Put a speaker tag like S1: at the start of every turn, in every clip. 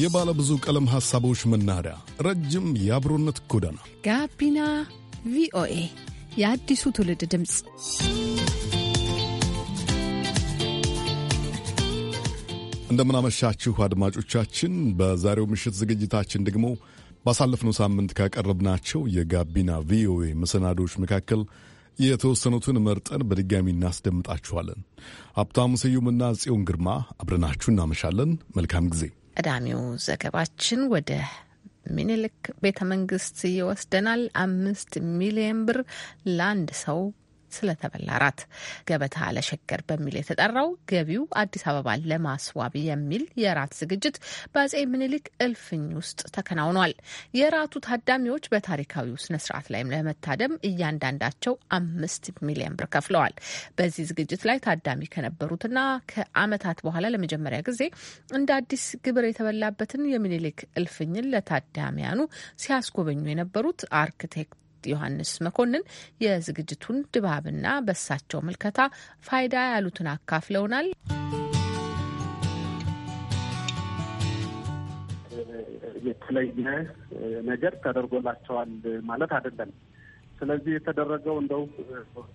S1: የባለ ብዙ ቀለም ሐሳቦች መናኸሪያ፣ ረጅም የአብሮነት ጎዳና
S2: ጋቢና ቪኦኤ የአዲሱ ትውልድ ድምፅ።
S1: እንደምናመሻችሁ አድማጮቻችን። በዛሬው ምሽት ዝግጅታችን ደግሞ ባሳለፍነው ሳምንት ካቀረብናቸው የጋቢና ቪኦኤ መሰናዶች መካከል የተወሰኑትን መርጠን በድጋሚ እናስደምጣችኋለን። ሀብታሙ ስዩምና ጽዮን ግርማ አብረናችሁ እናመሻለን። መልካም ጊዜ።
S2: ቀዳሚው ዘገባችን ወደ ሚኒልክ ቤተ መንግስት ይወስደናል። አምስት ሚሊየን ብር ለአንድ ሰው ስለተበላ ራት ገበታ ለሸገር በሚል የተጠራው ገቢው አዲስ አበባን ለማስዋብ የሚል የራት ዝግጅት በአጼ ምኒልክ እልፍኝ ውስጥ ተከናውኗል። የራቱ ታዳሚዎች በታሪካዊው ስነስርዓት ላይም ለመታደም እያንዳንዳቸው አምስት ሚሊዮን ብር ከፍለዋል። በዚህ ዝግጅት ላይ ታዳሚ ከነበሩትና ከዓመታት በኋላ ለመጀመሪያ ጊዜ እንደ አዲስ ግብር የተበላበትን የሚኒሊክ እልፍኝን ለታዳሚያኑ ሲያስጎበኙ የነበሩት አርክቴክት ዮሐንስ መኮንን የዝግጅቱን ድባብና በሳቸው ምልከታ ፋይዳ ያሉትን አካፍለውናል።
S3: የተለየ ነገር ተደርጎላቸዋል ማለት አይደለም። ስለዚህ የተደረገው እንደው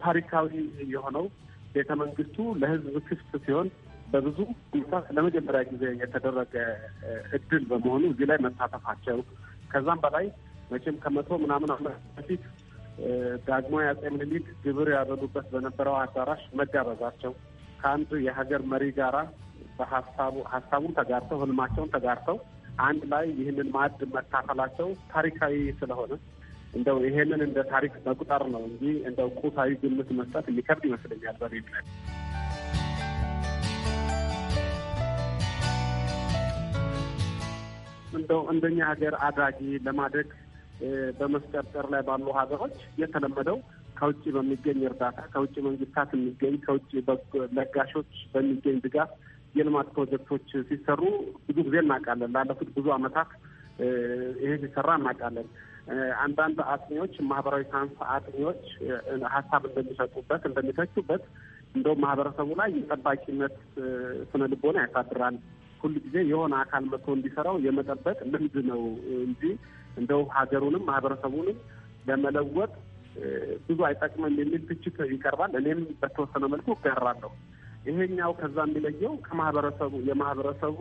S3: ታሪካዊ የሆነው ቤተ መንግስቱ ለህዝብ ክፍት ሲሆን በብዙ ሁኔታ ለመጀመሪያ ጊዜ የተደረገ እድል በመሆኑ እዚህ ላይ መሳተፋቸው ከዛም በላይ መቼም ከመቶ ምናምን አመት በፊት ዳግሞ የአጼ ምኒልክ ግብር ያበሉበት በነበረው አዳራሽ መጋበዛቸው ከአንድ የሀገር መሪ ጋራ በሀሳቡ ሀሳቡን ተጋርተው ህልማቸውን ተጋርተው አንድ ላይ ይህንን ማዕድ መካፈላቸው ታሪካዊ ስለሆነ እንደው ይሄንን እንደ ታሪክ መቁጠር ነው እንጂ እንደው ቁሳዊ ግምት መስጠት የሚከብድ ይመስለኛል። በሬ እንደው እንደኛ ሀገር አድራጊ ለማደግ በመስቀርቀር ላይ ባሉ ሀገሮች የተለመደው ከውጭ በሚገኝ እርዳታ ከውጭ መንግስታት የሚገኝ ከውጭ ለጋሾች በሚገኝ ድጋፍ የልማት ፕሮጀክቶች ሲሰሩ ብዙ ጊዜ እናውቃለን። ላለፉት ብዙ አመታት ይሄ ሲሰራ እናውቃለን። አንዳንድ አጥኚዎች፣ ማህበራዊ ሳይንስ አጥኚዎች ሀሳብ እንደሚሰጡበት እንደሚተቹበት እንደውም ማህበረሰቡ ላይ የጠባቂነት ስነ ልቦና ያሳድራል። ሁል ጊዜ የሆነ አካል መጥቶ እንዲሰራው የመጠበቅ ልምድ ነው እንጂ እንደው ሀገሩንም ማህበረሰቡንም ለመለወጥ ብዙ አይጠቅምም የሚል ትችት ይቀርባል። እኔም በተወሰነ መልኩ ገራለሁ ይሄኛው ከዛ የሚለየው ከማህበረሰቡ የማህበረሰቡ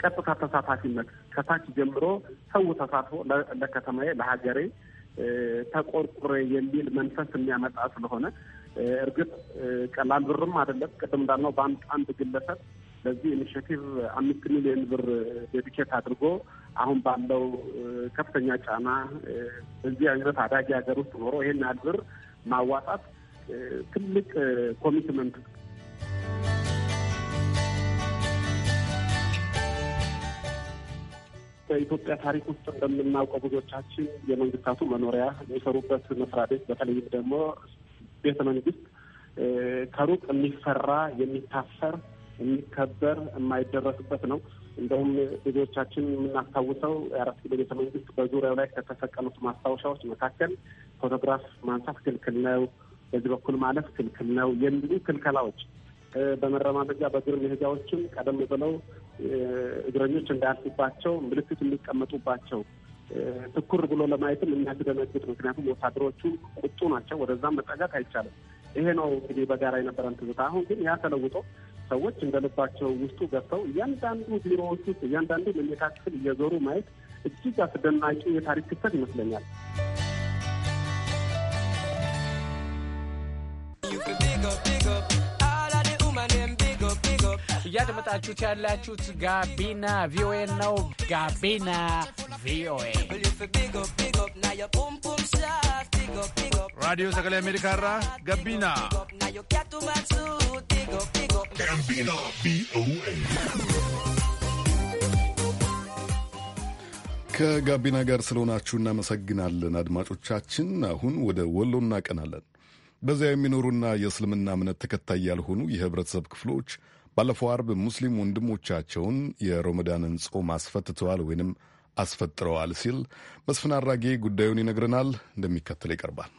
S3: ቀጥታ ተሳታፊነት ከታች ጀምሮ ሰው ተሳትፎ ለከተማዬ፣ ለሀገሬ ተቆርቁሬ የሚል መንፈስ የሚያመጣ ስለሆነ እርግጥ ቀላል ብርም አይደለም። ቅድም እንዳልነው በአንድ አንድ ግለሰብ ለዚህ ኢኒሽቲቭ አምስት ሚሊዮን ብር ዴዲኬት አድርጎ አሁን ባለው ከፍተኛ ጫና በዚህ አይነት አዳጊ ሀገር ውስጥ ኖሮ ይሄን ያህል ማዋጣት ትልቅ ኮሚትመንት በኢትዮጵያ ታሪክ ውስጥ እንደምናውቀው ብዙዎቻችን የመንግስታቱ መኖሪያ የሚሰሩበት መስሪያ ቤት በተለይም ደግሞ ቤተ መንግስት ከሩቅ የሚፈራ የሚታፈር የሚከበር የማይደረስበት ነው። እንደውም ብዙዎቻችን የምናስታውሰው የአራት ኪሎ ቤተ መንግስት በዙሪያው ላይ ከተሰቀሉት ማስታወሻዎች መካከል ፎቶግራፍ ማንሳት ክልክል ነው፣ በዚህ በኩል ማለፍ ክልክል ነው የሚሉ ክልከላዎች በመረማመጃ በእግር መሄጃዎችም ቀደም ብለው እግረኞች እንዳያልፉባቸው ምልክት የሚቀመጡባቸው ትኩር ብሎ ለማየትም የሚያስደነግጥ ምክንያቱም ወታደሮቹ ቁጡ ናቸው። ወደዛም መጠጋት አይቻልም። ይሄ ነው እንግዲህ በጋራ የነበረን ትዝታ። አሁን ግን ያ ተለውጦ ሰዎች እንደልባቸው ውስጡ ገብተው እያንዳንዱ ቢሮዎች ውስጥ እያንዳንዱ መኝታ ክፍል እየዞሩ ማየት እጅግ አስደናቂ የታሪክ ክስተት ይመስለኛል።
S4: እያደመጣችሁት ያላችሁት ጋቢና ቪኦኤ ነው። ጋቢና
S5: ቪኦኤ Radio Sagalee Ameerikaa irraa Gabbina.
S1: ከጋቢና ጋር ስለሆናችሁ እናመሰግናለን አድማጮቻችን። አሁን ወደ ወሎ እናቀናለን። በዚያ የሚኖሩና የእስልምና እምነት ተከታይ ያልሆኑ የህብረተሰብ ክፍሎች ባለፈው አርብ ሙስሊም ወንድሞቻቸውን የሮመዳንን ጾም አስፈትተዋል ወይንም አስፈጥረዋል ሲል መስፍን አራጌ ጉዳዩን ይነግረናል። እንደሚከተል ይቀርባል።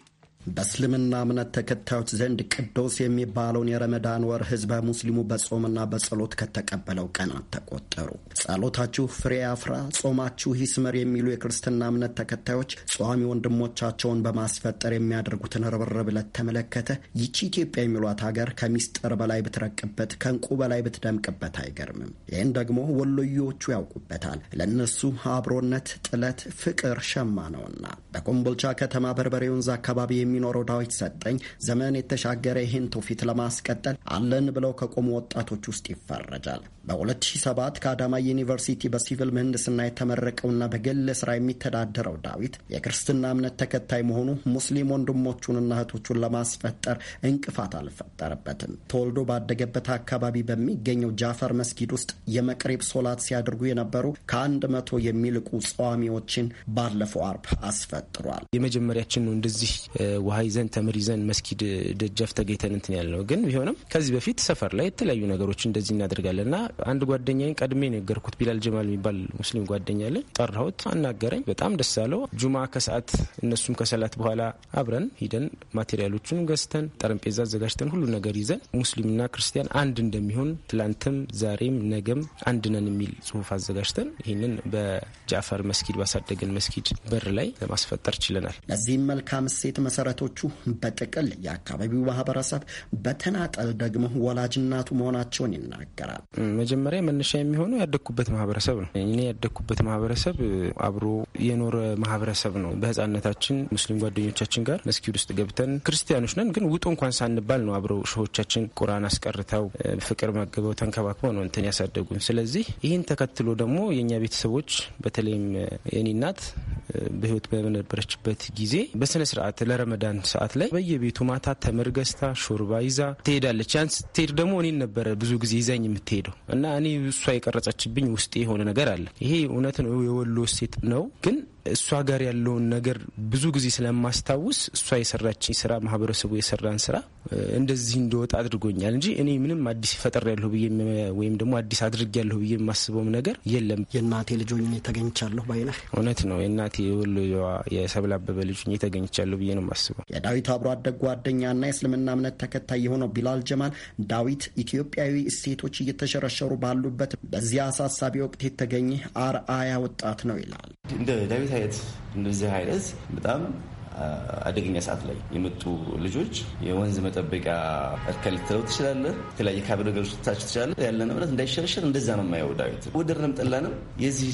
S1: በእስልምና እምነት ተከታዮች ዘንድ
S6: ቅዱስ የሚባለውን የረመዳን ወር ህዝበ ሙስሊሙ በጾምና በጸሎት ከተቀበለው ቀናት ተቆጠሩ። ጸሎታችሁ ፍሬ አፍራ ጾማችሁ ሂስመር የሚሉ የክርስትና እምነት ተከታዮች ጸዋሚ ወንድሞቻቸውን በማስፈጠር የሚያደርጉትን ርብርብ ዕለት ተመለከተ። ይቺ ኢትዮጵያ የሚሏት ሀገር ከሚስጥር በላይ ብትረቅበት፣ ከእንቁ በላይ ብትደምቅበት አይገርምም። ይህን ደግሞ ወሎዮቹ ያውቁበታል። ለእነሱ አብሮነት፣ ጥለት፣ ፍቅር ሸማ ነውና በኮምቦልቻ ከተማ በርበሬ ወንዝ አካባቢ የሚኖረው ዳዊት ሰጠኝ ዘመን የተሻገረ ይህን ትውፊት ለማስቀጠል አለን ብለው ከቆሙ ወጣቶች ውስጥ ይፈረጃል። በ2007 ከአዳማ ዩኒቨርሲቲ በሲቪል ምህንድስና የተመረቀውና በግል ስራ የሚተዳደረው ዳዊት የክርስትና እምነት ተከታይ መሆኑ ሙስሊም ወንድሞቹንና እህቶቹን ለማስፈጠር እንቅፋት አልፈጠረበትም። ተወልዶ ባደገበት አካባቢ በሚገኘው ጃፈር መስጊድ ውስጥ የመቅረብ ሶላት ሲያደርጉ የነበሩ ከአንድ መቶ የሚልቁ ጸዋሚዎችን ባለፈው አርብ
S4: አስፈጥሯል። የመጀመሪያችን ነው እንደዚህ ውሃ ይዘን ተምር ይዘን መስጊድ ደጃፍ ተገኝተን እንትን ያለ ነው። ግን ቢሆንም ከዚህ በፊት ሰፈር ላይ የተለያዩ ነገሮች እንደዚህ እናደርጋለንና አንድ ጓደኛዬ ቀድሜ ነገርኩት። ቢላል ጀማል የሚባል ሙስሊም ጓደኛ ላይ ጠራሁት፣ አናገረኝ። በጣም ደስ አለው። ጁማ ከሰዓት እነሱም ከሰላት በኋላ አብረን ሂደን ማቴሪያሎቹን ገዝተን ጠረጴዛ አዘጋጅተን ሁሉ ነገር ይዘን ሙስሊምና ክርስቲያን አንድ እንደሚሆን ትላንትም፣ ዛሬም፣ ነገም አንድ ነን የሚል ጽሁፍ አዘጋጅተን ይህንን በጃፈር መስጊድ ባሳደገን መስጊድ በር ላይ ለማስፈጠር ችለናል።
S6: ለዚህም መልካም እሴት መሰረቶቹ በጥቅል የአካባቢው ማህበረሰብ፣
S4: በተናጠል ደግሞ ወላጅናቱ መሆናቸውን ይናገራል። መጀመሪያ መነሻ የሚሆነው ያደግኩበት ማህበረሰብ ነው። እኔ ያደግኩበት ማህበረሰብ አብሮ የኖረ ማህበረሰብ ነው። በህጻነታችን ሙስሊም ጓደኞቻችን ጋር መስጊድ ውስጥ ገብተን ክርስቲያኖች ነን፣ ግን ውጡ እንኳን ሳንባል ነው አብረው ሸሆቻችን ቁርአን አስቀርተው ፍቅር መግበው ተንከባክበው ነው እንትን ያሳደጉን። ስለዚህ ይህን ተከትሎ ደግሞ የእኛ ቤተሰቦች በተለይም የኔ እናት በህይወት በነበረችበት ጊዜ በስነ ስርዓት ለረመዳን ሰዓት ላይ በየቤቱ ማታ ተምር ገዝታ ሾርባ ይዛ ትሄዳለች። ያን ስትሄድ ደግሞ እኔን ነበረ ብዙ ጊዜ ይዛኝ የምትሄደው እና እኔ እሷ የቀረጸችብኝ ውስጤ የሆነ ነገር አለ። ይሄ ነው፣ የወሎ ሴት ነው ግን እሷ ጋር ያለውን ነገር ብዙ ጊዜ ስለማስታውስ እሷ የሰራችኝ ስራ ማህበረሰቡ የሰራን ስራ እንደዚህ እንደወጣ አድርጎኛል እንጂ እኔ ምንም አዲስ ፈጠር ያለሁ ብዬ ወይም ደግሞ አዲስ አድርግ ያለሁ ብዬ የማስበውም ነገር የለም። የእናቴ ልጆ ተገኝቻለሁ ባይነህ እውነት ነው። የእናቴ ወሎዋ የሰብል አበበ ልጅ ተገኝቻለሁ ብዬ ነው የማስበው። የዳዊት
S6: አብሮ አደግ ጓደኛና የእስልምና እምነት ተከታይ የሆነው ቢላል ጀማል ዳዊት ኢትዮጵያዊ እሴቶች እየተሸረሸሩ ባሉበት በዚያ አሳሳቢ ወቅት የተገኘ አርአያ ወጣት ነው ይላል።
S7: እንደ ዳዊት አይነት እንደዚህ አይነት በጣም አደገኛ ሰዓት ላይ የመጡ ልጆች የወንዝ መጠበቂያ እርከን ልትለው ትችላለህ። የተለያየ ካብ ነገሮች ልታች ትችላለህ። ያለ ንብረት እንዳይሸረሸር እንደዛ ነው የማየው ዳዊት። ወደድንም ጠላንም የዚህ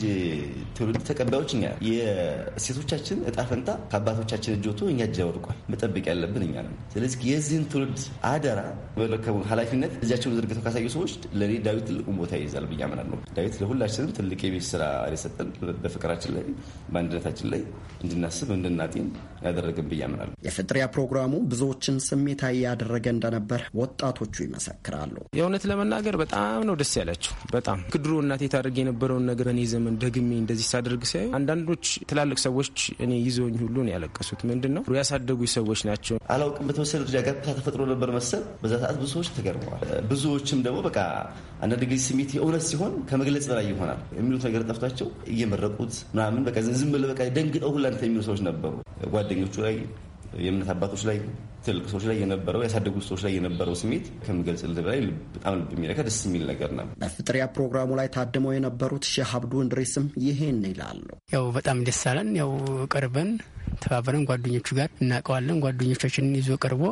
S7: ትውልድ ተቀባዮች እኛ የሴቶቻችን እጣ ፈንታ ከአባቶቻችን እጅ ወጥቶ እኛ እጅ ያወድቋል። መጠበቅ ያለብን እኛ ነው። ስለዚህ የዚህን ትውልድ አደራ በለከቡ ኃላፊነት እጃቸውን ዘርግተው ካሳዩ ሰዎች ለእኔ ዳዊት ትልቁን ቦታ ይይዛል ብዬ አምናለሁ። ዳዊት ለሁላችንም ትልቅ የቤት ስራ የሰጠን በፍቅራችን ላይ በአንድነታችን ላይ እንድናስብ እንድናጤን ያደረግን ብዬ አምናለሁ።
S6: የፍጥሪያ ፕሮግራሙ ብዙዎችን ስሜታዊ ያደረገ
S4: እንደነበር ወጣቶቹ ይመሰክራሉ። የእውነት ለመናገር በጣም ነው ደስ ያላቸው። በጣም ክድሮ እናቴ ታደርግ የነበረውን ነገር እኔ ዘመን ደግሜ እንደዚህ ሳደርግ ሲያዩ አንዳንዶች ትላልቅ ሰዎች እኔ ይዘውኝ ሁሉ ነው ያለቀሱት። ምንድን ነው ያሳደጉ ሰዎች ናቸው።
S7: አላውቅም በተወሰነ ደረጃ ጋር ተፈጥሮ ነበር መሰል። በዛ ሰዓት ብዙ ሰዎች ተገርመዋል። ብዙዎችም ደግሞ በቃ አንዳንድ ጊዜ ስሜት የእውነት ሲሆን ከመግለጽ በላይ ይሆናል የሚሉት ነገር ጠፍቷቸው እየመረቁት ምናምን በቃ ዝም ብለህ በቃ ደንግጠው ሁላንተ የሚሉ ሰዎች ነበሩ ጓደ ጋዜጠኞቹ ላይ፣ የእምነት አባቶች ላይ ትልቅ ሰዎች ላይ የነበረው ያሳደጉ ሰዎች ላይ የነበረው ስሜት ከምገልጽልህ በላይ በጣም ልብ የሚነካ ደስ የሚል ነገር ነው።
S6: በፍጥሪያ ፕሮግራሙ ላይ ታድመው የነበሩት ሼህ አብዱ እንድሬስም ይሄን ይላሉ።
S4: ያው በጣም ደስ አለን። ያው ቀርበን ተባብረን ጓደኞቹ ጋር እናውቀዋለን። ጓደኞቻችንን ይዞ ቀርቦ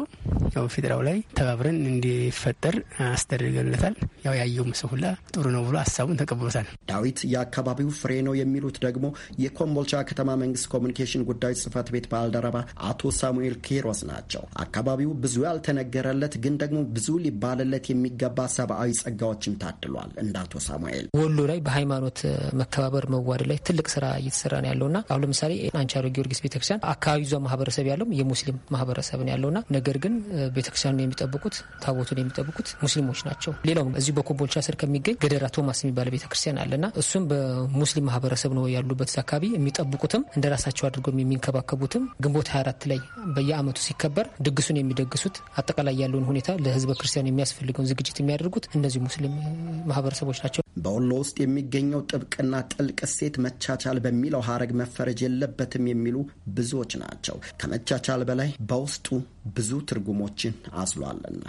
S4: ያው ፊጥራው ላይ ተባብረን እንዲፈጠር አስደርገለታል። ያው ያየውም ሰው ሁላ ጥሩ ነው ብሎ ሀሳቡን ተቀብሎታል።
S6: ዳዊት የአካባቢው ፍሬ ነው የሚሉት ደግሞ የኮምቦልቻ ከተማ መንግስት ኮሚኒኬሽን ጉዳዮች ጽህፈት ቤት ባልደረባ አቶ ሳሙኤል ኬሮስ ናቸው። አካባቢው ብዙ ያልተነገረለት ግን ደግሞ ብዙ ሊባልለት የሚገባ ሰብአዊ ጸጋዎችም ታድሏል። እንደ አቶ ሳሙኤል
S2: ወሎ ላይ በሃይማኖት መከባበር መዋድ ላይ ትልቅ ስራ እየተሰራ ነው ያለውና አሁን ለምሳሌ አንቻሮ ጊዮርጊስ ቤተክርስቲያን አካባቢ ዟ ማህበረሰብ ያለው የሙስሊም ማህበረሰብ ነው ያለውና ነገር ግን ቤተክርስቲያኑን የሚጠብቁት ታቦቱን የሚጠብቁት ሙስሊሞች ናቸው። ሌላውም እዚሁ በኮምቦልቻ ስር ከሚገኝ ገደራ ቶማስ የሚባለ ቤተክርስቲያን አለና እሱም በሙስሊም ማህበረሰብ ነው ያሉበት አካባቢ የሚጠብቁትም እንደ ራሳቸው አድርጎ የሚንከባከቡትም ግንቦት 24 ላይ በየአመቱ ሲከበር ድግሱን የሚደግሱት አጠቃላይ ያለውን ሁኔታ ለህዝበ ክርስቲያን የሚያስፈልገውን ዝግጅት የሚያደርጉት እነዚህ ሙስሊም ማህበረሰቦች ናቸው። በወሎ
S6: ውስጥ የሚገኘው ጥብቅና ጥልቅ እሴት መቻቻል በሚለው ሀረግ መፈረጅ የለበትም የሚሉ ብዙዎች ናቸው። ከመቻቻል በላይ በውስጡ ብዙ ትርጉሞችን አስሏልና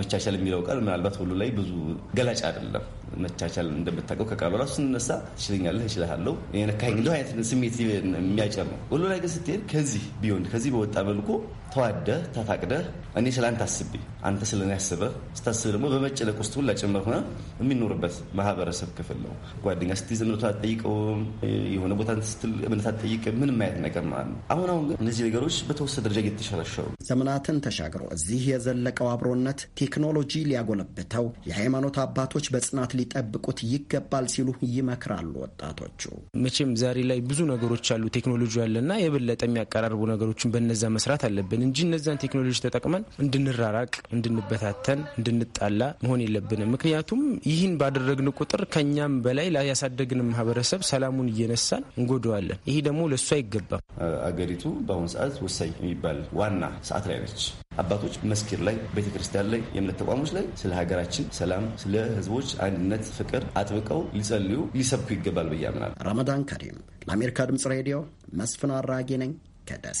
S7: መቻቻል የሚለው ቃል ምናልባት ሁሉ ላይ ብዙ ገላጭ አይደለም። መቻቻል እንደምታውቀው ከቃሉ ራሱ ስንነሳ ትችለኛለህ፣ እችልሃለሁ፣ የነካኝ አይነት ስሜት የሚያጭር ነው። ሁሉ ላይ ግን ስትሄድ ከዚህ ቢሆን ከዚህ በወጣ መልኩ ተዋደህ ተፋቅደህ እኔ ስለ አንተ አስቤ አንተ ስለ እኔ አስበህ ስታስብ ደግሞ በመጨለቅ ውስጥ ሁላ ጭምር ሆነ የሚኖርበት ማህበር የማህበረሰብ ክፍል ነው። ጓደኛ ስትይዝ እምነቱ አትጠይቀውም፣ የሆነ ቦታ ስትል እምነት አትጠይቅም። ምንም ማየት ነገር ማለት ነው። አሁን አሁን ግን እነዚህ ነገሮች በተወሰነ ደረጃ እየተሸረሸሩ
S6: ዘመናትን ተሻግሮ እዚህ የዘለቀው አብሮነት ቴክኖሎጂ ሊያጎለብተው፣ የሃይማኖት አባቶች በጽናት ሊጠብቁት ይገባል ሲሉ ይመክራሉ ወጣቶቹ።
S4: መቼም ዛሬ ላይ ብዙ ነገሮች አሉ ቴክኖሎጂ አለና የበለጠ የሚያቀራርቡ ነገሮችን በነዛ መስራት አለብን እንጂ እነዛን ቴክኖሎጂ ተጠቅመን እንድንራራቅ፣ እንድንበታተን፣ እንድንጣላ መሆን የለብንም። ምክንያቱም ይህን ባደረግን ቁጥር ቁጥር ከኛም በላይ ያሳደግን ማህበረሰብ ሰላሙን እየነሳን እንጎደዋለን። ይሄ ደግሞ ለእሱ አይገባም።
S7: አገሪቱ በአሁኑ ሰዓት ወሳኝ የሚባል ዋና ሰዓት ላይ ነች። አባቶች መስኪር ላይ፣ ቤተክርስቲያን ላይ፣ የእምነት ተቋሞች ላይ ስለ ሀገራችን ሰላም፣ ስለ ህዝቦች አንድነት፣ ፍቅር አጥብቀው ሊጸልዩ ሊሰብኩ ይገባል ብዬ አምናለሁ። ረመዳን ከሪም ለአሜሪካ ድምጽ ሬዲዮ መስፍን አራጌ
S6: ነኝ ከደሴ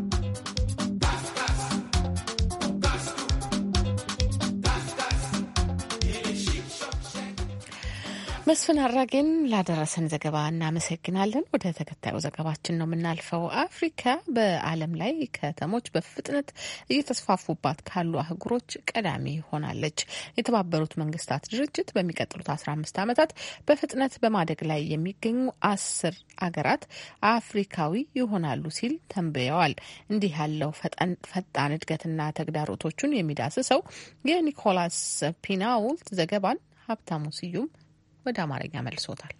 S2: መስፍን አራጌን ላደረሰን ዘገባ እናመሰግናለን። ወደ ተከታዩ ዘገባችን ነው የምናልፈው። አፍሪካ በዓለም ላይ ከተሞች በፍጥነት እየተስፋፉባት ካሉ አህጉሮች ቀዳሚ ሆናለች። የተባበሩት መንግስታት ድርጅት በሚቀጥሉት 15 ዓመታት በፍጥነት በማደግ ላይ የሚገኙ አስር አገራት አፍሪካዊ ይሆናሉ ሲል ተንብየዋል። እንዲህ ያለው ፈጣን እድገትና ተግዳሮቶቹን የሚዳስሰው የኒኮላስ ፒናውልት ዘገባን ሀብታሙ ስዩም ወደ አማርኛ መልሶታል።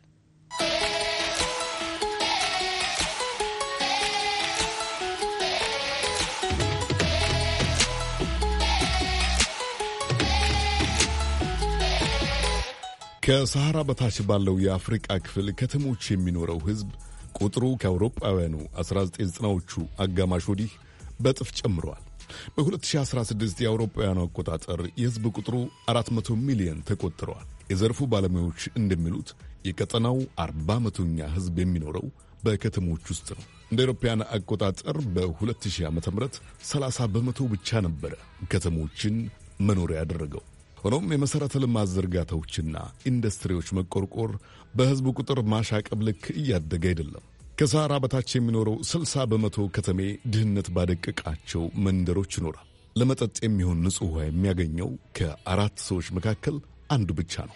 S1: ከሰሐራ በታች ባለው የአፍሪቃ ክፍል ከተሞች የሚኖረው ሕዝብ ቁጥሩ ከአውሮጳውያኑ 1990ዎቹ አጋማሽ ወዲህ በጥፍ ጨምሯል። በ2016 የአውሮፓውያኑ አቆጣጠር የህዝብ ቁጥሩ 400 ሚሊዮን ተቆጥረዋል። የዘርፉ ባለሙያዎች እንደሚሉት የቀጠናው 40 መቶኛ ህዝብ የሚኖረው በከተሞች ውስጥ ነው። እንደ አውሮፓውያን አቆጣጠር በ2000 ዓ ም 30 በመቶ ብቻ ነበረ ከተሞችን መኖሪያ ያደረገው። ሆኖም የመሠረተ ልማት ዝርጋታዎችና ኢንዱስትሪዎች መቆርቆር በህዝብ ቁጥር ማሻቀብ ልክ እያደገ አይደለም። ከሰሃራ በታች የሚኖረው 60 በመቶ ከተሜ ድህነት ባደቀቃቸው መንደሮች ይኖራል። ለመጠጥ የሚሆን ንጹሕ ውሃ የሚያገኘው ከአራት ሰዎች መካከል አንዱ ብቻ ነው።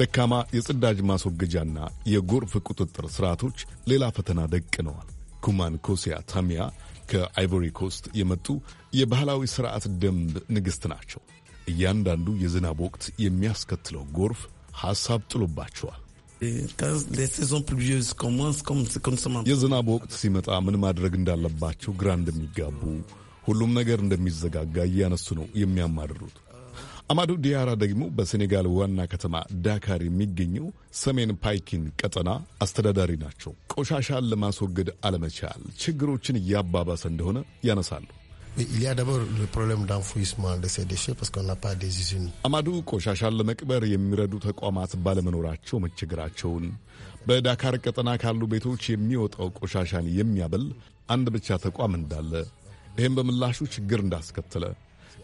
S1: ደካማ የጽዳጅ ማስወገጃና የጎርፍ ቁጥጥር ስርዓቶች ሌላ ፈተና ደቅነዋል። ኩማን ኮሲያ ታሚያ ከአይቮሪ ኮስት የመጡ የባህላዊ ስርዓት ደንብ ንግሥት ናቸው። እያንዳንዱ የዝናብ ወቅት የሚያስከትለው ጎርፍ ሐሳብ ጥሎባቸዋል። የዝናብ ወቅት ሲመጣ ምን ማድረግ እንዳለባቸው ግራ እንደሚጋቡ፣ ሁሉም ነገር እንደሚዘጋጋ እያነሱ ነው የሚያማድሩት። አማዱ ዲያራ ደግሞ በሴኔጋል ዋና ከተማ ዳካር የሚገኘው ሰሜን ፓይኪን ቀጠና አስተዳዳሪ ናቸው። ቆሻሻን ለማስወገድ አለመቻል ችግሮችን እያባባሰ እንደሆነ ያነሳሉ። አማዱ ቆሻሻን ለመቅበር የሚረዱ ተቋማት ባለመኖራቸው መቸገራቸውን፣ በዳካር ቀጠና ካሉ ቤቶች የሚወጣው ቆሻሻን የሚያበል አንድ ብቻ ተቋም እንዳለ፣ ይህም በምላሹ ችግር እንዳስከተለ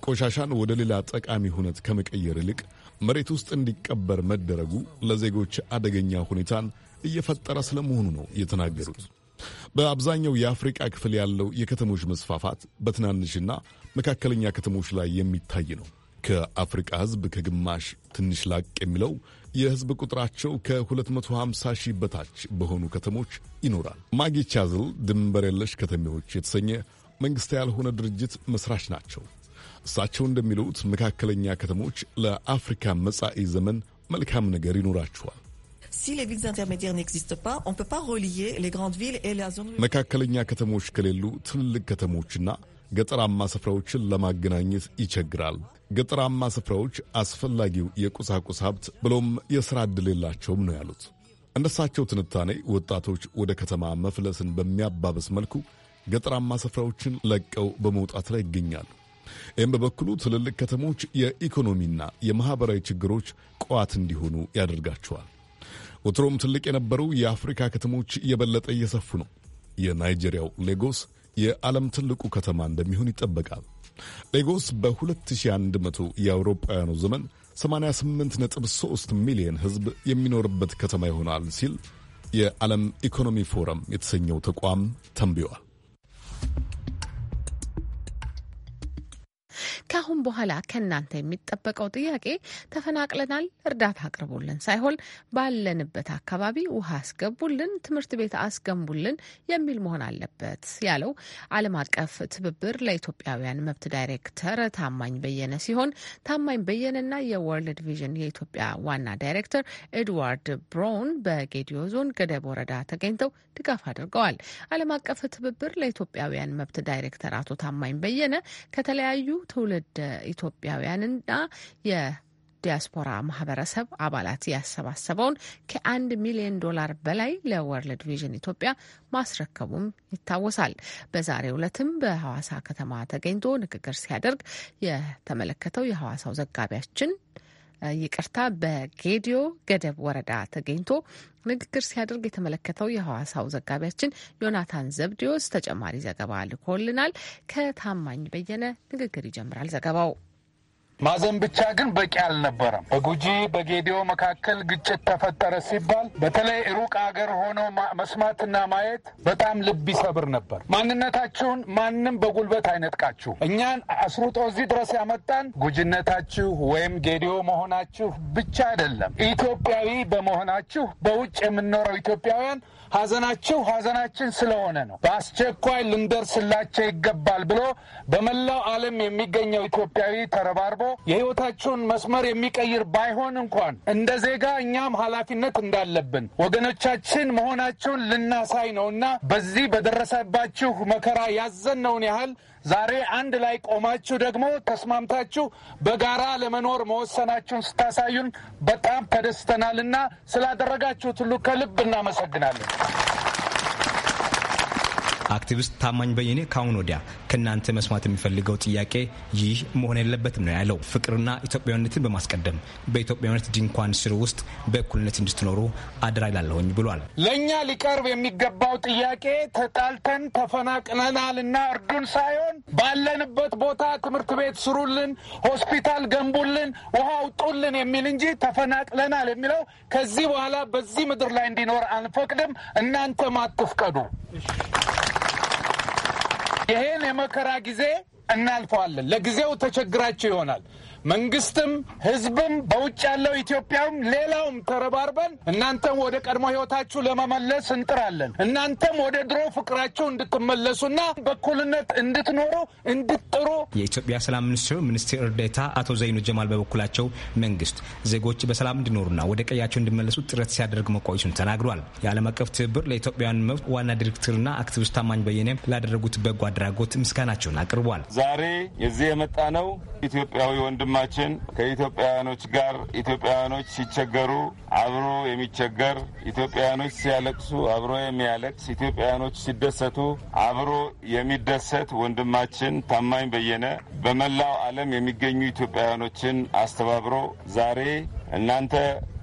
S1: ቆሻሻን ወደ ሌላ ጠቃሚ ሁነት ከመቀየር ይልቅ መሬት ውስጥ እንዲቀበር መደረጉ ለዜጎች አደገኛ ሁኔታን እየፈጠረ ስለመሆኑ ነው የተናገሩት። በአብዛኛው የአፍሪቃ ክፍል ያለው የከተሞች መስፋፋት በትናንሽና መካከለኛ ከተሞች ላይ የሚታይ ነው። ከአፍሪቃ ሕዝብ ከግማሽ ትንሽ ላቅ የሚለው የሕዝብ ቁጥራቸው ከ250 ሺህ በታች በሆኑ ከተሞች ይኖራል። ማጌቻዝል ድንበር የለሽ ከተሜዎች የተሰኘ መንግሥታዊ ያልሆነ ድርጅት መስራች ናቸው። እሳቸው እንደሚሉት መካከለኛ ከተሞች ለአፍሪካ መጻኢ ዘመን መልካም ነገር ይኖራቸዋል። መካከለኛ ከተሞች ከሌሉ ትልልቅ ከተሞችና ገጠራማ ስፍራዎችን ለማገናኘት ይቸግራል። ገጠራማ ስፍራዎች አስፈላጊው የቁሳቁስ ሀብት ብሎም የሥራ ዕድል የላቸውም ነው ያሉት። እንደሳቸው ትንታኔ ወጣቶች ወደ ከተማ መፍለስን በሚያባበስ መልኩ ገጠራማ ስፍራዎችን ለቀው በመውጣት ላይ ይገኛሉ። ይህም በበኩሉ ትልልቅ ከተሞች የኢኮኖሚና የማኅበራዊ ችግሮች ቋት እንዲሆኑ ያደርጋቸዋል። ወትሮም ትልቅ የነበሩ የአፍሪካ ከተሞች የበለጠ እየሰፉ ነው። የናይጄሪያው ሌጎስ የዓለም ትልቁ ከተማ እንደሚሆን ይጠበቃል። ሌጎስ በ2100 የአውሮፓውያኑ ዘመን 88.3 ሚሊዮን ሕዝብ የሚኖርበት ከተማ ይሆናል ሲል የዓለም ኢኮኖሚ ፎረም የተሰኘው ተቋም ተንብዮአል።
S2: ከአሁን በኋላ ከእናንተ የሚጠበቀው ጥያቄ ተፈናቅለናል፣ እርዳታ አቅርቡልን ሳይሆን ባለንበት አካባቢ ውሃ አስገቡልን፣ ትምህርት ቤት አስገንቡልን የሚል መሆን አለበት ያለው ዓለም አቀፍ ትብብር ለኢትዮጵያውያን መብት ዳይሬክተር ታማኝ በየነ ሲሆን ታማኝ በየነና የወርልድ ቪዥን የኢትዮጵያ ዋና ዳይሬክተር ኤድዋርድ ብሮውን በጌዲዮ ዞን ገደብ ወረዳ ተገኝተው ድጋፍ አድርገዋል። ዓለም አቀፍ ትብብር ለኢትዮጵያውያን መብት ዳይሬክተር አቶ ታማኝ በየነ ከተለያዩ ትውልድ ኢትዮጵያውያንና የዲያስፖራ ማህበረሰብ አባላት ያሰባሰበውን ከአንድ ሚሊዮን ዶላር በላይ ለወርልድ ቪዥን ኢትዮጵያ ማስረከቡም ይታወሳል። በዛሬው ዕለትም በሐዋሳ ከተማ ተገኝቶ ንግግር ሲያደርግ የተመለከተው የሐዋሳው ዘጋቢያችን ይቅርታ በጌዲዮ ገደብ ወረዳ ተገኝቶ ንግግር ሲያደርግ የተመለከተው የሐዋሳው ዘጋቢያችን ዮናታን ዘብዲዮስ ተጨማሪ ዘገባ ልኮልናል። ከታማኝ በየነ ንግግር ይጀምራል ዘገባው። ማዘን ብቻ
S5: ግን በቂ አልነበረም። በጉጂ በጌዲዮ መካከል ግጭት ተፈጠረ ሲባል በተለይ ሩቅ አገር ሆኖ መስማትና ማየት በጣም ልብ ይሰብር ነበር። ማንነታችሁን ማንም በጉልበት አይነጥቃችሁ። እኛን አስሩጦ እዚህ ድረስ ያመጣን ጉጂነታችሁ ወይም ጌዲዮ መሆናችሁ ብቻ አይደለም፣ ኢትዮጵያዊ በመሆናችሁ በውጭ የምንኖረው ኢትዮጵያውያን ሐዘናችሁ ሐዘናችን ስለሆነ ነው። በአስቸኳይ ልንደርስላቸው ይገባል ብሎ በመላው ዓለም የሚገኘው ኢትዮጵያዊ ተረባርቦ የህይወታቸውን መስመር የሚቀይር ባይሆን እንኳን እንደ ዜጋ እኛም ኃላፊነት እንዳለብን ወገኖቻችን መሆናቸውን ልናሳይ ነውና በዚህ በደረሰባችሁ መከራ ያዘነውን ያህል ዛሬ አንድ ላይ ቆማችሁ ደግሞ ተስማምታችሁ በጋራ ለመኖር መወሰናችሁን ስታሳዩን በጣም ተደስተናልና ስላደረጋችሁት ሁሉ ከልብ እናመሰግናለን።
S8: አክቲቪስት ታማኝ በየኔ ከአሁን ወዲያ ከእናንተ መስማት የሚፈልገው ጥያቄ ይህ መሆን የለበትም ነው ያለው። ፍቅርና ኢትዮጵያዊነትን በማስቀደም በኢትዮጵያዊነት ድንኳን ስር ውስጥ በእኩልነት እንድትኖሩ አደራ ይላለሁኝ ብሏል።
S5: ለእኛ ሊቀርብ የሚገባው ጥያቄ ተጣልተን ተፈናቅለናልና እርዱን ሳይሆን ባለንበት ቦታ ትምህርት ቤት ስሩልን፣ ሆስፒታል ገንቡልን፣ ውሃ አውጡልን የሚል እንጂ ተፈናቅለናል የሚለው ከዚህ በኋላ በዚህ ምድር ላይ እንዲኖር አንፈቅድም። እናንተም አትፍቀዱ። ይሄን የመከራ ጊዜ እናልፈዋለን። ለጊዜው ተቸግራቸው ይሆናል። መንግስትም ህዝብም በውጭ ያለው ኢትዮጵያም ሌላውም ተረባርበን እናንተም ወደ ቀድሞ ህይወታችሁ ለመመለስ እንጥራለን። እናንተም ወደ ድሮ ፍቅራችሁ እንድትመለሱና በኩልነት እንድትኖሩ እንድትጥሩ
S8: የኢትዮጵያ ሰላም ሚኒስትር ሚኒስትር እርዴታ አቶ ዘይኑ ጀማል በበኩላቸው መንግስት ዜጎች በሰላም እንዲኖሩና ወደ ቀያቸው እንዲመለሱ ጥረት ሲያደርግ መቆየቱን ተናግሯል። የዓለም አቀፍ ትብብር ለኢትዮጵያውያን መብት ዋና ዲሬክተርና አክቲቪስት ታማኝ በየነ ላደረጉት በጎ አድራጎት ምስጋናቸውን አቅርቧል።
S7: ዛሬ የዚህ የመጣ ነው ኢትዮጵያዊ ወንድም ወንድማችን ከኢትዮጵያውያኖች ጋር ኢትዮጵያውያኖች ሲቸገሩ አብሮ የሚቸገር ኢትዮጵያውያኖች ሲያለቅሱ አብሮ የሚያለቅስ ኢትዮጵያውያኖች ሲደሰቱ አብሮ የሚደሰት ወንድማችን ታማኝ በየነ በመላው ዓለም የሚገኙ ኢትዮጵያውያኖችን አስተባብሮ ዛሬ እናንተ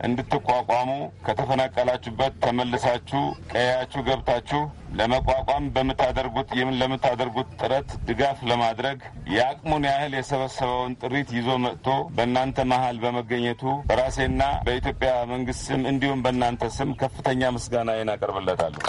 S7: እንድትቋቋሙ ከተፈናቀላችሁበት ተመልሳችሁ ቀያችሁ ገብታችሁ ለመቋቋም በምታደርጉት ይህም ለምታደርጉት ጥረት ድጋፍ ለማድረግ የአቅሙን ያህል የሰበሰበውን ጥሪት ይዞ መጥቶ በእናንተ መሀል በመገኘቱ በራሴና በኢትዮጵያ መንግስት ስም እንዲሁም በእናንተ ስም ከፍተኛ ምስጋና አቀርብለታለሁ።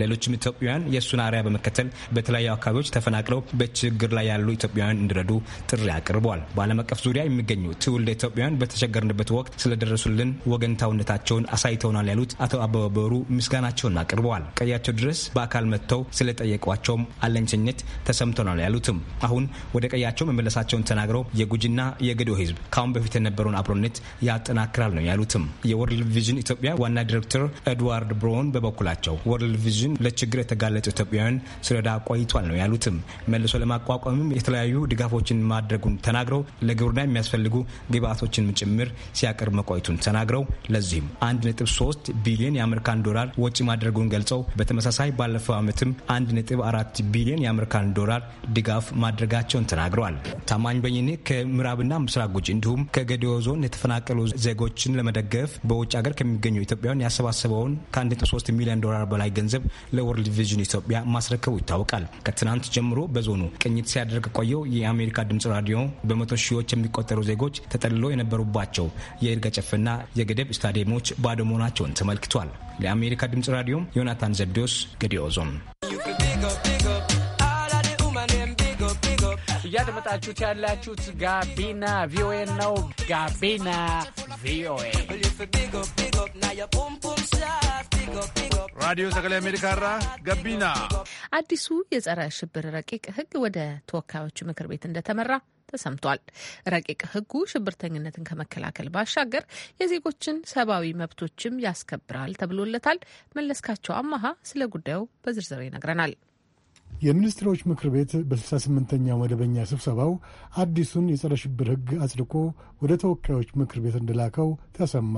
S8: ሌሎችም ኢትዮጵያውያን የእሱን አርያ በመከተል በተለያዩ አካባቢዎች ተፈናቅለው በችግር ላይ ያሉ ኢትዮጵያውያን እንዲረዱ ጥሪ አቅርበዋል። በዓለም አቀፍ ዙሪያ የሚገኙ ትውልደ ኢትዮጵያውያን በተቸገርንበት ወቅት ስለደረሱልን ወገንታውነታቸውን አሳይተውናል ያሉት አቶ አበበበሩ ምስጋናቸውን አቅርበዋል። ቀያቸው ድረስ በአካል መጥተው ስለጠየቋቸውም አለኝተኝነት ተሰምተናል ያሉትም አሁን ወደ ቀያቸው መመለሳቸውን ተናግረው የጉጂና የገዶ ህዝብ ከአሁን በፊት የነበረውን አብሮነት ያጠናክራል ነው ያሉትም። የወርልድ ቪዥን ኢትዮጵያ ዋና ዲሬክተር ኤድዋርድ ብሮን በበኩላቸው ወርልድ ቪዥን ቴሌቪዥን ለችግር የተጋለጡ ኢትዮጵያውያን ሲረዳ ቆይቷል ነው ያሉትም። መልሶ ለማቋቋምም የተለያዩ ድጋፎችን ማድረጉን ተናግረው ለግብርና የሚያስፈልጉ ግብአቶችን ጭምር ሲያቀርብ መቆይቱን ተናግረው ለዚህም አንድ ነጥብ ሶስት ቢሊዮን የአሜሪካን ዶላር ወጪ ማድረጉን ገልጸው በተመሳሳይ ባለፈው ዓመትም አራት ቢሊዮን የአሜሪካን ዶላር ድጋፍ ማድረጋቸውን ተናግረዋል። ታማኝ በኝኔ ከምዕራብና ምስራቅ ጉጂ እንዲሁም ከገዲዮ ዞን የተፈናቀሉ ዜጎችን ለመደገፍ በውጭ ሀገር ከሚገኙ ኢትዮጵያውያን ያሰባሰበውን ከ1.3 ሚሊዮን ዶላር በላይ ገንዘብ ለወርልድ ቪዥን ኢትዮጵያ ማስረከቡ ይታወቃል። ከትናንት ጀምሮ በዞኑ ቅኝት ሲያደርግ ቆየው የአሜሪካ ድምጽ ራዲዮ በመቶ ሺዎች የሚቆጠሩ ዜጎች ተጠልሎ የነበሩባቸው የይርጋ የገደብ ስታዲየሞች ባዶ መሆናቸውን ተመልክቷል። ለአሜሪካ ድምጽ ራዲዮ ዮናታን ዘብዴዎስ ገዲኦ ዞን።
S4: እያደመጣችሁት ያላችሁት ጋቢና ቪኦኤ
S2: ነው። ጋቢና
S5: ቪኦኤ ራዲዮ ሰገሌ አሜሪካ ራ ገቢና
S2: አዲሱ የጸረ ሽብር ረቂቅ ህግ ወደ ተወካዮች ምክር ቤት እንደተመራ ተሰምቷል። ረቂቅ ህጉ ሽብርተኝነትን ከመከላከል ባሻገር የዜጎችን ሰብአዊ መብቶችም ያስከብራል ተብሎለታል። መለስካቸው አማሃ ስለ ጉዳዩ በዝርዝር ይነግረናል።
S9: የሚኒስትሮች ምክር ቤት በ68ኛው መደበኛ ስብሰባው አዲሱን የጸረ ሽብር ሕግ አጽድቆ ወደ ተወካዮች ምክር ቤት እንደላከው ተሰማ።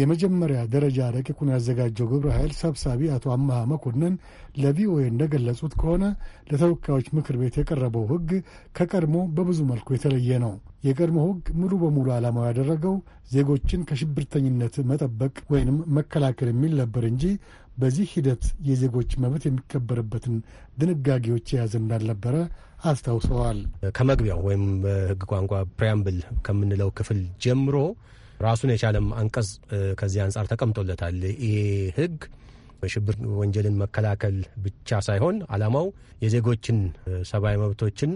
S9: የመጀመሪያ ደረጃ ረቂቁን ያዘጋጀው ግብረ ኃይል ሰብሳቢ አቶ አመሃ መኮንን ለቪኦኤ እንደገለጹት ከሆነ ለተወካዮች ምክር ቤት የቀረበው ሕግ ከቀድሞ በብዙ መልኩ የተለየ ነው። የቀድሞ ሕግ ሙሉ በሙሉ ዓላማው ያደረገው ዜጎችን ከሽብርተኝነት መጠበቅ ወይንም መከላከል የሚል ነበር እንጂ በዚህ ሂደት የዜጎች መብት የሚከበርበትን ድንጋጌዎች የያዘ እንዳልነበረ አስታውሰዋል።
S10: ከመግቢያው ወይም በሕግ ቋንቋ ፕሪያምብል ከምንለው ክፍል ጀምሮ ራሱን የቻለም አንቀጽ ከዚህ አንጻር ተቀምጦለታል። ይህ ሕግ በሽብር ወንጀልን መከላከል ብቻ ሳይሆን አላማው የዜጎችን ሰብአዊ መብቶችን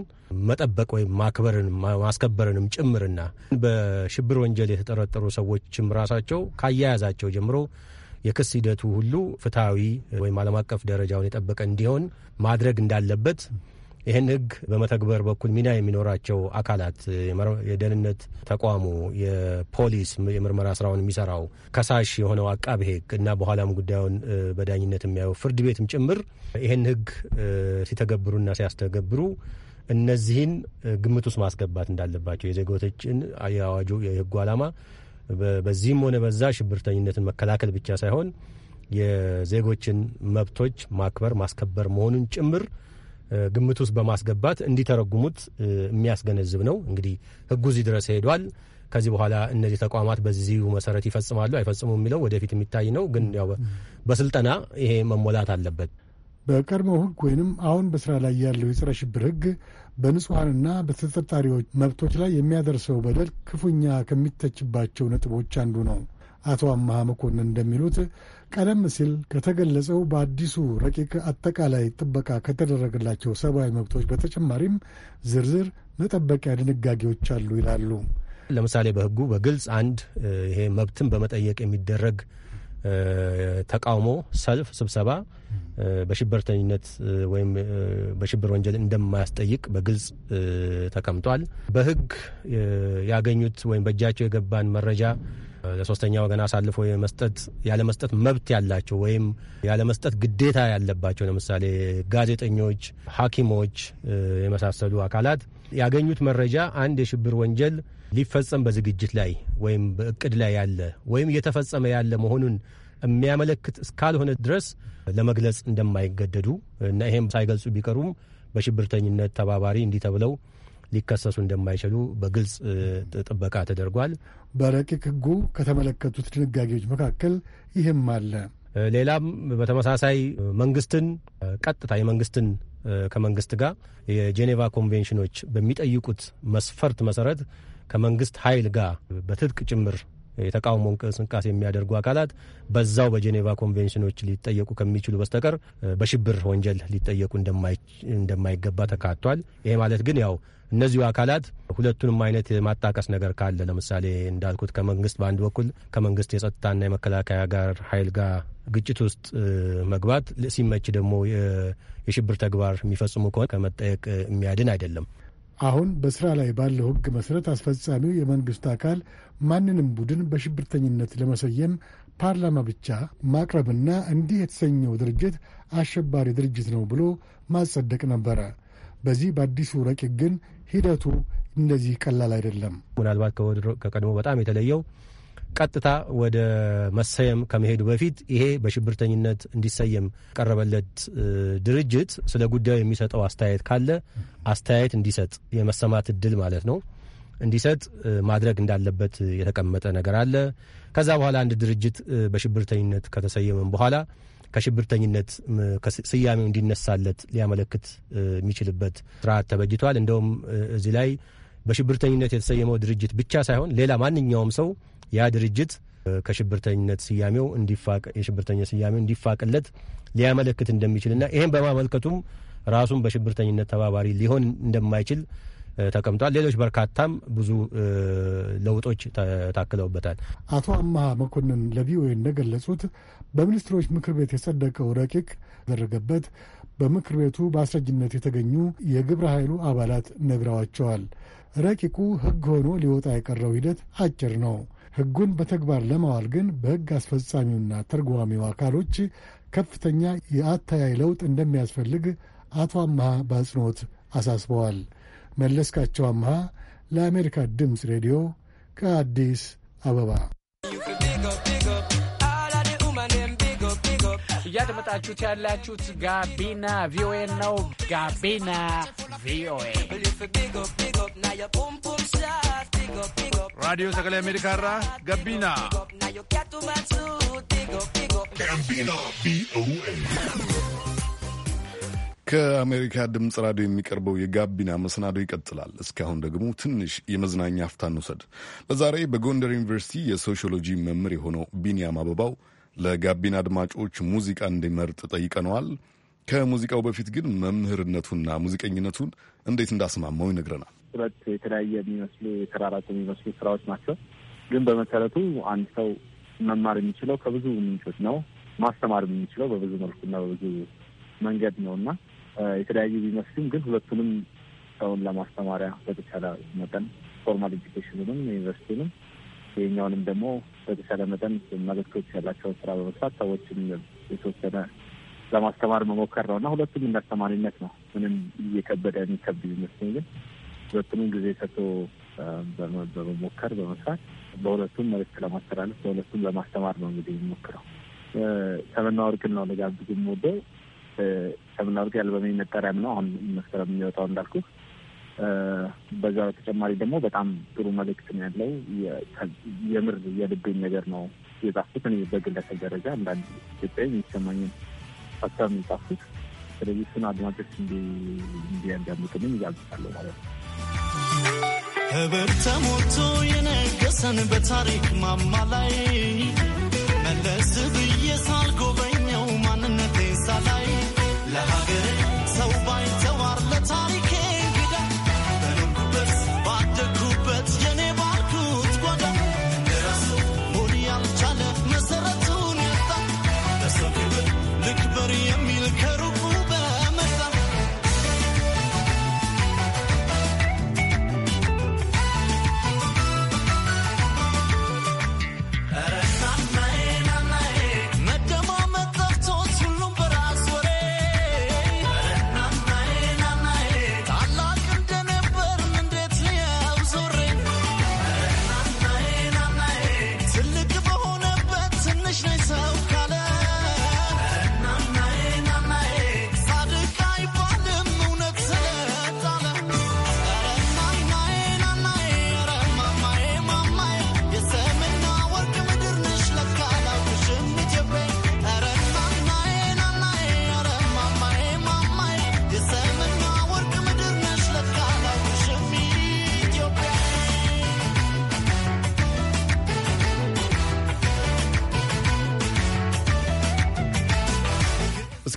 S10: መጠበቅ ወይም ማክበርን ማስከበርንም ጭምርና በሽብር ወንጀል የተጠረጠሩ ሰዎችም ራሳቸው ካያያዛቸው ጀምሮ የክስ ሂደቱ ሁሉ ፍትሐዊ ወይም ዓለም አቀፍ ደረጃውን የጠበቀ እንዲሆን ማድረግ እንዳለበት ይህን ህግ በመተግበር በኩል ሚና የሚኖራቸው አካላት የደህንነት ተቋሙ፣ የፖሊስ የምርመራ ስራውን የሚሰራው ከሳሽ የሆነው አቃቤ ህግ እና በኋላም ጉዳዩን በዳኝነት የሚያየው ፍርድ ቤትም ጭምር ይህን ህግ ሲተገብሩና ሲያስተገብሩ እነዚህን ግምት ውስጥ ማስገባት እንዳለባቸው የዜጎችን የአዋጁ የህጉ ዓላማ በዚህም ሆነ በዛ ሽብርተኝነትን መከላከል ብቻ ሳይሆን የዜጎችን መብቶች ማክበር ማስከበር መሆኑን ጭምር ግምት ውስጥ በማስገባት እንዲተረጉሙት የሚያስገነዝብ ነው። እንግዲህ ህጉ እዚህ ድረስ ሄዷል። ከዚህ በኋላ እነዚህ ተቋማት በዚሁ መሰረት ይፈጽማሉ አይፈጽሙም የሚለው ወደፊት የሚታይ ነው። ግን ያው በስልጠና ይሄ መሞላት አለበት።
S9: በቀድሞው ህግ ወይንም አሁን በስራ ላይ ያለው የጸረ ሽብር ህግ በንጹሐንና በተጠርጣሪዎች መብቶች ላይ የሚያደርሰው በደል ክፉኛ ከሚተችባቸው ነጥቦች አንዱ ነው። አቶ አመሃ መኮንን እንደሚሉት ቀደም ሲል ከተገለጸው በአዲሱ ረቂቅ አጠቃላይ ጥበቃ ከተደረገላቸው ሰብአዊ መብቶች በተጨማሪም ዝርዝር መጠበቂያ ድንጋጌዎች አሉ ይላሉ።
S10: ለምሳሌ በህጉ በግልጽ አንድ ይሄ መብትን በመጠየቅ የሚደረግ ተቃውሞ፣ ሰልፍ፣ ስብሰባ በሽብርተኝነት ወይም በሽብር ወንጀል እንደማያስጠይቅ በግልጽ ተቀምጧል። በህግ ያገኙት ወይም በእጃቸው የገባን መረጃ ለሶስተኛ ወገን አሳልፎ የመስጠት ያለመስጠት መብት ያላቸው ወይም ያለመስጠት ግዴታ ያለባቸው ለምሳሌ ጋዜጠኞች፣ ሐኪሞች የመሳሰሉ አካላት ያገኙት መረጃ አንድ የሽብር ወንጀል ሊፈጸም በዝግጅት ላይ ወይም በእቅድ ላይ ያለ ወይም እየተፈጸመ ያለ መሆኑን የሚያመለክት እስካልሆነ ድረስ ለመግለጽ እንደማይገደዱ እና ይሄም ሳይገልጹ ቢቀሩም በሽብርተኝነት ተባባሪ እንዲህ ተብለው ሊከሰሱ እንደማይችሉ በግልጽ ጥበቃ ተደርጓል።
S9: በረቂቅ ሕጉ ከተመለከቱት ድንጋጌዎች መካከል ይህም አለ።
S10: ሌላም በተመሳሳይ መንግስትን ቀጥታ የመንግስትን ከመንግስት ጋር የጄኔቫ ኮንቬንሽኖች በሚጠይቁት መስፈርት መሰረት ከመንግስት ኃይል ጋር በትጥቅ ጭምር የተቃውሞ እንቅስቃሴ የሚያደርጉ አካላት በዛው በጄኔቫ ኮንቬንሽኖች ሊጠየቁ ከሚችሉ በስተቀር በሽብር ወንጀል ሊጠየቁ እንደማይገባ ተካቷል። ይሄ ማለት ግን ያው እነዚሁ አካላት ሁለቱንም አይነት የማጣቀስ ነገር ካለ ለምሳሌ እንዳልኩት ከመንግስት በአንድ በኩል ከመንግስት የጸጥታና የመከላከያ ጋር ኃይል ጋር ግጭት ውስጥ መግባት ሲመች ደግሞ የሽብር ተግባር የሚፈጽሙ ከሆነ
S9: ከመጠየቅ የሚያድን አይደለም። አሁን በስራ ላይ ባለው ህግ መሰረት አስፈጻሚው የመንግስት አካል ማንንም ቡድን በሽብርተኝነት ለመሰየም ፓርላማ ብቻ ማቅረብና እንዲህ የተሰኘው ድርጅት አሸባሪ ድርጅት ነው ብሎ ማጸደቅ ነበረ። በዚህ በአዲሱ ረቂቅ ግን ሂደቱ እንደዚህ ቀላል አይደለም። ምናልባት
S10: ከቀድሞ በጣም የተለየው ቀጥታ ወደ መሰየም ከመሄዱ በፊት ይሄ በሽብርተኝነት እንዲሰየም ቀረበለት ድርጅት ስለ ጉዳዩ የሚሰጠው አስተያየት ካለ አስተያየት እንዲሰጥ የመሰማት እድል ማለት ነው እንዲሰጥ ማድረግ እንዳለበት የተቀመጠ ነገር አለ። ከዛ በኋላ አንድ ድርጅት በሽብርተኝነት ከተሰየመም በኋላ ከሽብርተኝነት ስያሜው እንዲነሳለት ሊያመለክት የሚችልበት ስርዓት ተበጅቷል። እንደውም እዚህ ላይ በሽብርተኝነት የተሰየመው ድርጅት ብቻ ሳይሆን ሌላ ማንኛውም ሰው ያ ድርጅት ከሽብርተኝነት ስያሜው እንዲፋቅ የሽብርተኛ ስያሜው እንዲፋቅለት ሊያመለክት እንደሚችልና ይህም በማመልከቱም ራሱን በሽብርተኝነት ተባባሪ ሊሆን እንደማይችል ተቀምጧል። ሌሎች በርካታም ብዙ ለውጦች
S9: ታክለውበታል። አቶ አመሃ መኮንን ለቪኦኤ እንደገለጹት በሚኒስትሮች ምክር ቤት የጸደቀው ረቂቅ ያደረገበት በምክር ቤቱ በአስረጅነት የተገኙ የግብረ ኃይሉ አባላት ነግረዋቸዋል። ረቂቁ ሕግ ሆኖ ሊወጣ የቀረው ሂደት አጭር ነው። ሕጉን በተግባር ለማዋል ግን በሕግ አስፈጻሚውና ተርጓሚው አካሎች ከፍተኛ የአተያይ ለውጥ እንደሚያስፈልግ አቶ አመሃ በአጽንኦት አሳስበዋል። መለስካቸው አምሃ ለአሜሪካ ድምፅ ሬዲዮ ከአዲስ አበባ
S4: እያደመጣችሁት ያላችሁት ጋቢና ቪኦኤ ነው። ጋቢና
S5: ቪኦኤ ራዲዮ ሰገሌ አሜሪካ ራ ጋቢና ጋቢና ቪኦኤ
S1: ከአሜሪካ ድምፅ ራዲዮ የሚቀርበው የጋቢና መሰናዶ ይቀጥላል። እስካሁን ደግሞ ትንሽ የመዝናኛ አፍታን ውሰድ። ለዛሬ በጎንደር ዩኒቨርሲቲ የሶሽሎጂ መምህር የሆነው ቢንያም አበባው ለጋቢና አድማጮች ሙዚቃ እንዲመርጥ ጠይቀነዋል። ከሙዚቃው በፊት ግን መምህርነቱና ሙዚቀኝነቱን እንዴት እንዳስማማው ይነግረናል።
S3: ሁለት የተለያየ የሚመስሉ የተራራቁ የሚመስሉ ስራዎች ናቸው። ግን በመሰረቱ አንድ ሰው መማር የሚችለው ከብዙ ምንጮች ነው። ማስተማር የሚችለው በብዙ መልኩና በብዙ መንገድ ነው እና የተለያዩ ቢመስልም ግን ሁለቱንም ሰውን ለማስተማሪያ በተቻለ መጠን ፎርማል ኤጁኬሽኑንም ዩኒቨርሲቲንም የኛውንም ደግሞ በተቻለ መጠን መልእክቶች ያላቸውን ስራ በመስራት ሰዎችን የተወሰነ ለማስተማር መሞከር ነው እና ሁለቱም እንደ ነው። ምንም እየከበደ የሚከብድ ቢመስለኝ ግን ሁለቱንም ጊዜ ሰጥቶ በመሞከር በመስራት በሁለቱም መልእክት ለማስተላለፍ በሁለቱም ለማስተማር ነው እንግዲህ የሚሞክረው። ሰመና ወርቅን ነው ለጋብዝ ወደው ሰብላውት የአልበሜ መጠሪያም ነው። አሁን መስከረም የሚወጣው እንዳልኩ በዛ በተጨማሪ ደግሞ በጣም ጥሩ መልእክት ነው ያለው። የምር የልቤን ነገር ነው የጻፉት። እኔ በግለሰብ ደረጃ አንዳንድ ኢትዮጵያ የሚሰማኝን ሀሳብ ነው የጻፉት። ስለዚህ እሱን አድማጮች እንዲያዳምጡልኝ እጋብዛለሁ ማለት ነው። ክብር ተሞልቶ
S11: የነገሰን በታሪክ ማማ ላይ መለስ ብዬ ሳልጎበኘው ማንነቴን ሳላይ La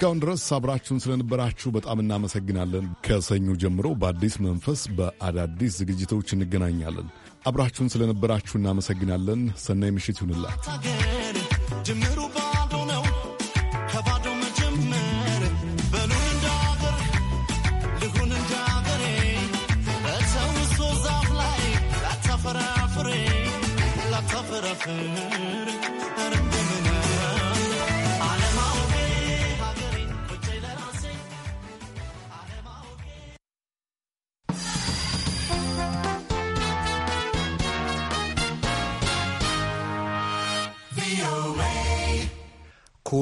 S1: እስካሁን ድረስ አብራችሁን ስለነበራችሁ በጣም እናመሰግናለን። ከሰኞ ጀምሮ በአዲስ መንፈስ በአዳዲስ ዝግጅቶች እንገናኛለን። አብራችሁን ስለነበራችሁ እናመሰግናለን። ሰናይ ምሽት ይሁንላት።
S11: ጅምሩ